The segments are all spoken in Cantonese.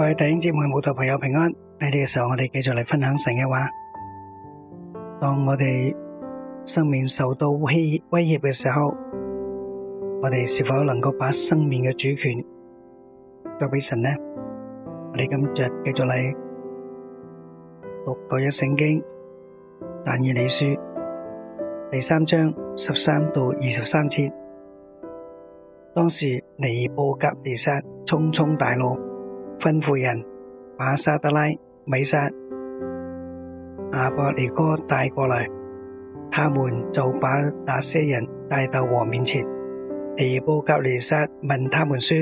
各位弟兄姊妹、慕道朋友平安。喺呢個時候，我哋繼續嚟分享神嘅話。當我哋生命受到威威脅嘅時候，我哋是否能夠把生命嘅主權交俾神呢？我哋今日繼續嚟讀《舊約聖經》但以理書第三章十三到二十三節。當時尼布甲尼撒沖沖大怒。吩咐人把沙得拉、米煞、亞伯尼哥帶過來，他們就把那些人帶到王面前。尼布甲尼撒問他們說：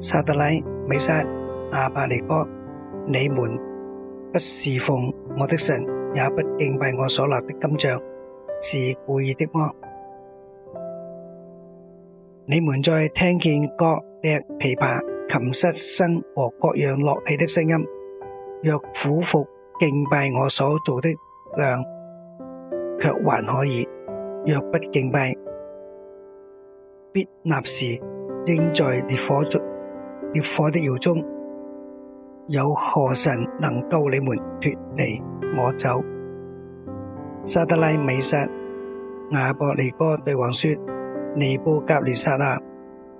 沙得拉、米煞、亞伯尼哥，你們不侍奉我的神，也不敬拜我所立的金像，是故意的麼？你們再聽見歌、笛、琵琶？琴瑟聲和各樣樂器的聲音，若俯伏敬拜我所做的力量，卻還可以，若不敬拜，必納時應在烈火中，烈火的窯中，有何神能夠你們脫離我走？沙德拉美沙、亞伯尼哥對王說，尼布甲尼撒，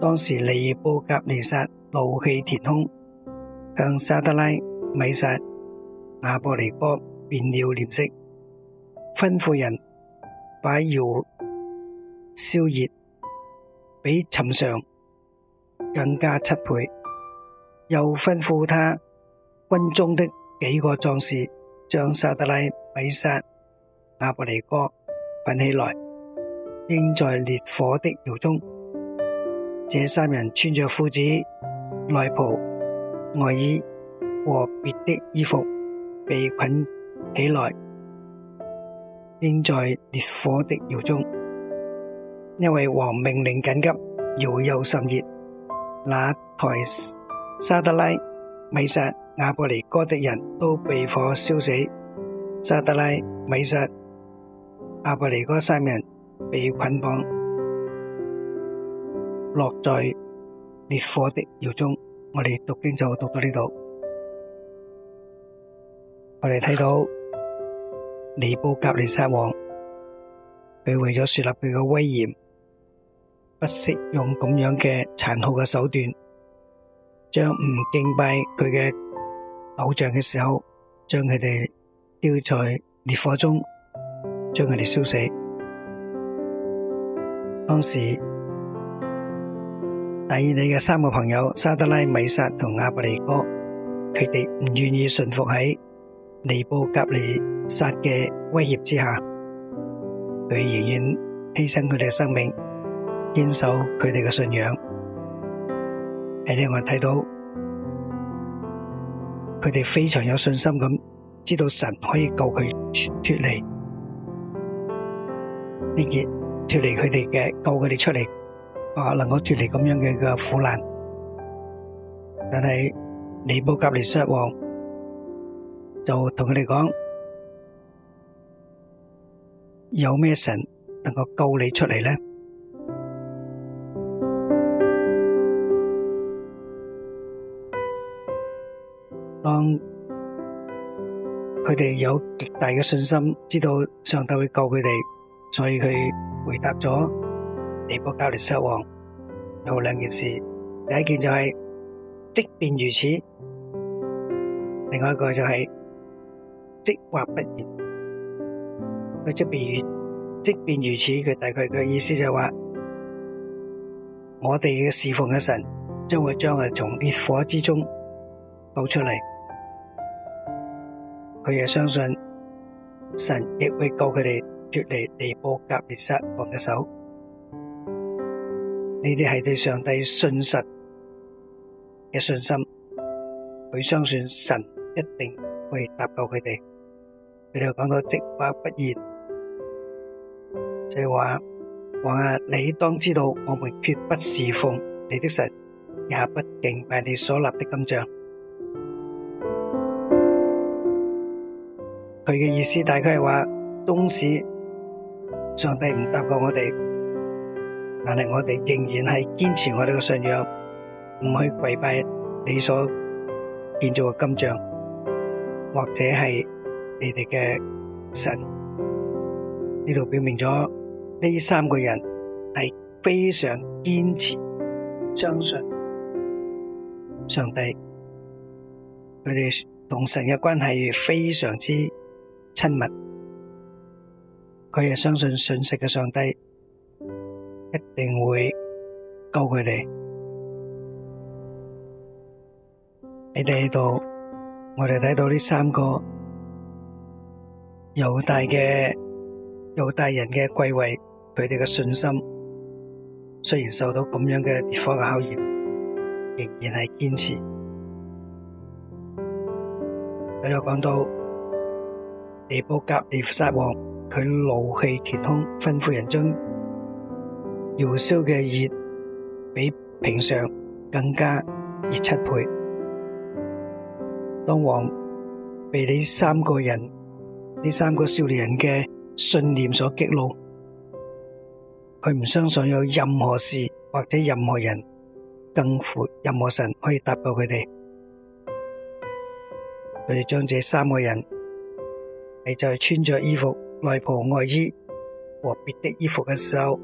當時尼布甲尼撒怒氣填胸，向沙德拉米撒亞伯尼哥變了臉色，吩咐人把窯燒熱，比尋常更加七倍，又吩咐他軍中的幾個壯士將沙德拉米撒亞伯尼哥捆起來，扔在烈火的窯中。這三人穿着褲子、內袍、外衣和別的衣服，被捆起來，扔在烈火的窯中。因為王命令緊急，窯又甚熱，那抬沙得拉、米煞、亞伯尼歌的人都被火燒死。沙得拉、米煞、亞伯尼歌三人被捆綁。落在烈火的窯中，我哋讀經就讀到呢度。我哋睇到尼布甲尼撒王，佢為咗樹立佢嘅威嚴，不惜用咁樣嘅殘酷嘅手段，將唔敬拜佢嘅偶像嘅時候，將佢哋丟在烈火中，將佢哋燒死。當時。第二你嘅三個朋友沙得拉、米沙同亞伯尼哥，佢哋唔願意順服喺尼布甲尼撒嘅威脅之下，佢仍然犧牲佢哋嘅生命，堅守佢哋嘅信仰。喺呢度，我睇到佢哋非常有信心咁，知道神可以救佢脫離呢件脫離佢哋嘅，救佢哋出嚟。啊，能夠脫離咁樣嘅嘅苦難，但係尼布甲尼撒王就同佢哋講：有咩神能夠救你出嚟？呢？當佢哋有極大嘅信心，知道上帝會救佢哋，所以佢回答咗。地波隔離失望有兩件事，第一件就係即便如此，另外一個就係即或不然。佢即便即便如此，佢大概嘅意思就係話，我哋嘅侍奉嘅神將會將佢從烈火之中救出嚟，佢亦相信神亦會救佢哋脫離地波隔離失望嘅手。呢啲係對上帝信實嘅信心，佢相信神一定會搭救佢哋。佢哋講到即話不言，就係話，王啊，你當知道，我們決不侍奉你的神，也不敬拜你所立的金像。佢嘅意思大概係話，即使上帝唔搭救我哋。但係我哋仍然係堅持我哋嘅信仰，唔去跪拜你所建造嘅金像，或者係你哋嘅神。呢度表明咗呢三個人係非常堅持相信上帝，佢哋同神嘅關係非常之親密，佢係相信信息嘅上帝，一定會救佢哋。你哋喺度，我哋睇到呢三個猶大嘅猶大人嘅貴位，佢哋嘅信心雖然受到咁樣嘅烈火嘅考驗，仍然係堅持。喺度講到尼布甲尼撒王，佢怒氣填胸，吩咐人將。窯燒嘅熱比平常更加熱七倍。當王被呢三個人呢三個少年人嘅信念所激怒，佢唔相信有任何事或者任何人更負任何神可以達到佢哋。佢哋將這三個人係在穿着衣服、內袍、外衣和別的衣服嘅時候，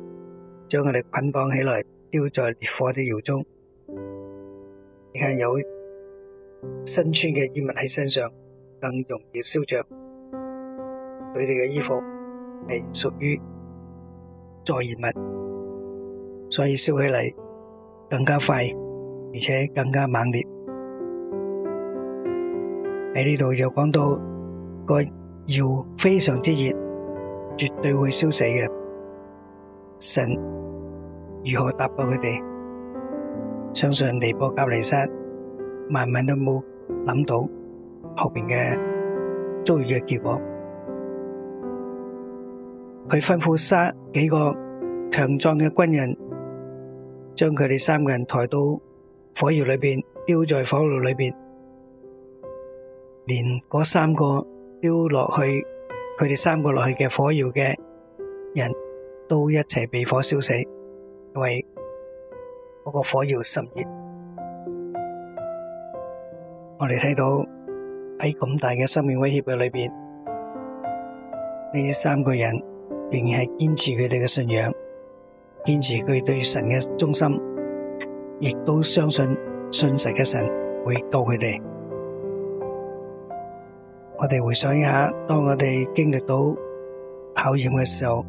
將佢哋捆綁起來，丟在烈火的窯中。你係有身穿嘅衣物喺身上，更容易燒着。佢哋嘅衣服係屬於在燃物，所以燒起嚟，更加快，而且更加猛烈。喺呢度又講到個窯非常之熱，絕對會燒死嘅。神。如何答報佢哋？相信尼布甲尼撒，萬萬都冇諗到後邊嘅遭遇嘅結果。佢吩咐三幾個強壯嘅軍人，將佢哋三個人抬到火窯裏邊，丟在火爐裏邊。連嗰三個丟落去，佢哋三個落去嘅火窯嘅人都一齊被火燒死。因為嗰個火窑熾熱，我哋睇到喺咁大嘅生命威脅嘅裏邊，呢三個人仍然係堅持佢哋嘅信仰，堅持佢對神嘅忠心，亦都相信信實嘅神會救佢哋。我哋回想一下，當我哋經歷到考驗嘅時候，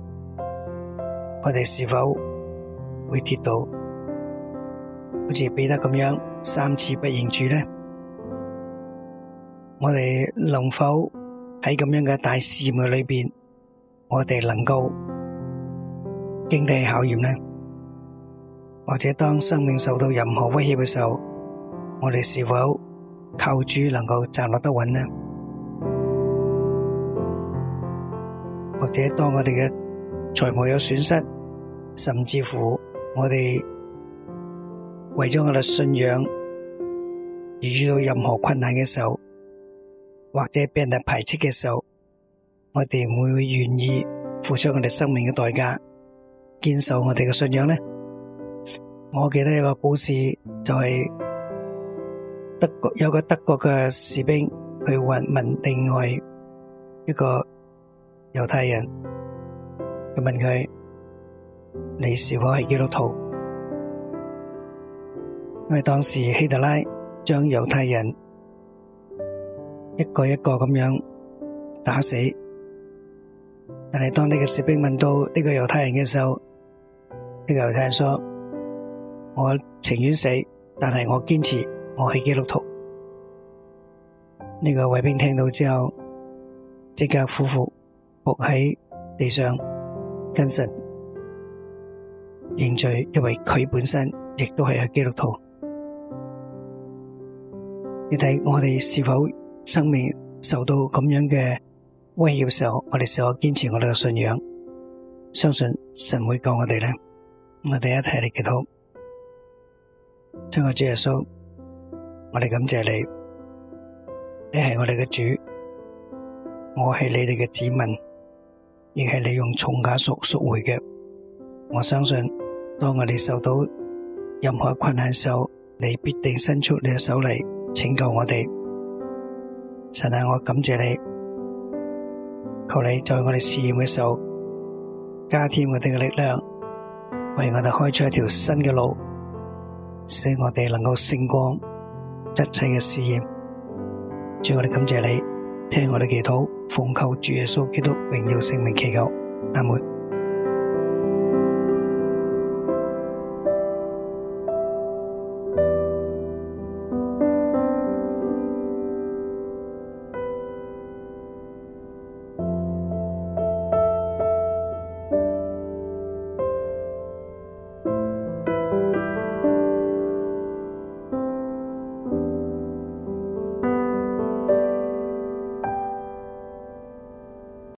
我哋是否？會跌倒，好似彼得咁樣三次不認主呢？我哋能否喺咁樣嘅大試驗嘅裏邊，我哋能夠經得起考驗呢？或者當生命受到任何威脅嘅時候，我哋是否靠主能夠站立得穩呢？或者當我哋嘅財務有損失，甚至乎？我哋為咗我哋信仰而遇到任何困難嘅時候，或者俾人排斥嘅時候，我哋會唔會願意付出我哋生命嘅代價，堅守我哋嘅信仰呢？我記得有個故事，就係德國有個德國嘅士兵去問問另外一個猶太人，就問佢。你是否係基督徒？因為當時希特拉將猶太人一個一個咁樣打死，但係當呢個士兵問到呢個猶太人嘅時候，呢個猶太人說：我情願死，但係我堅持我係基督徒。呢個衛兵聽到之後，即刻匍匐伏喺地上跟神。認罪，因為佢本身亦都係一個基督徒。你睇我哋是否生命受到咁樣嘅威脅嘅時候，我哋是否堅持我哋嘅信仰？相信神會救我哋呢。我哋一齊嚟祈禱。親愛的主耶穌，我哋感謝你，你係我哋嘅主，我係你哋嘅子民，亦係你用重價贖贖回嘅。我相信。當我哋受到任何困難嘅時候，你必定伸出你嘅手嚟拯救我哋。神啊，我感謝你，求你在我哋試驗嘅時候加添我哋嘅力量，為我哋開出一條新嘅路，使我哋能夠勝過一切嘅試驗。主，我哋感謝你，聽我哋祈禱，奉靠主耶穌基督榮耀聖名祈求。阿門。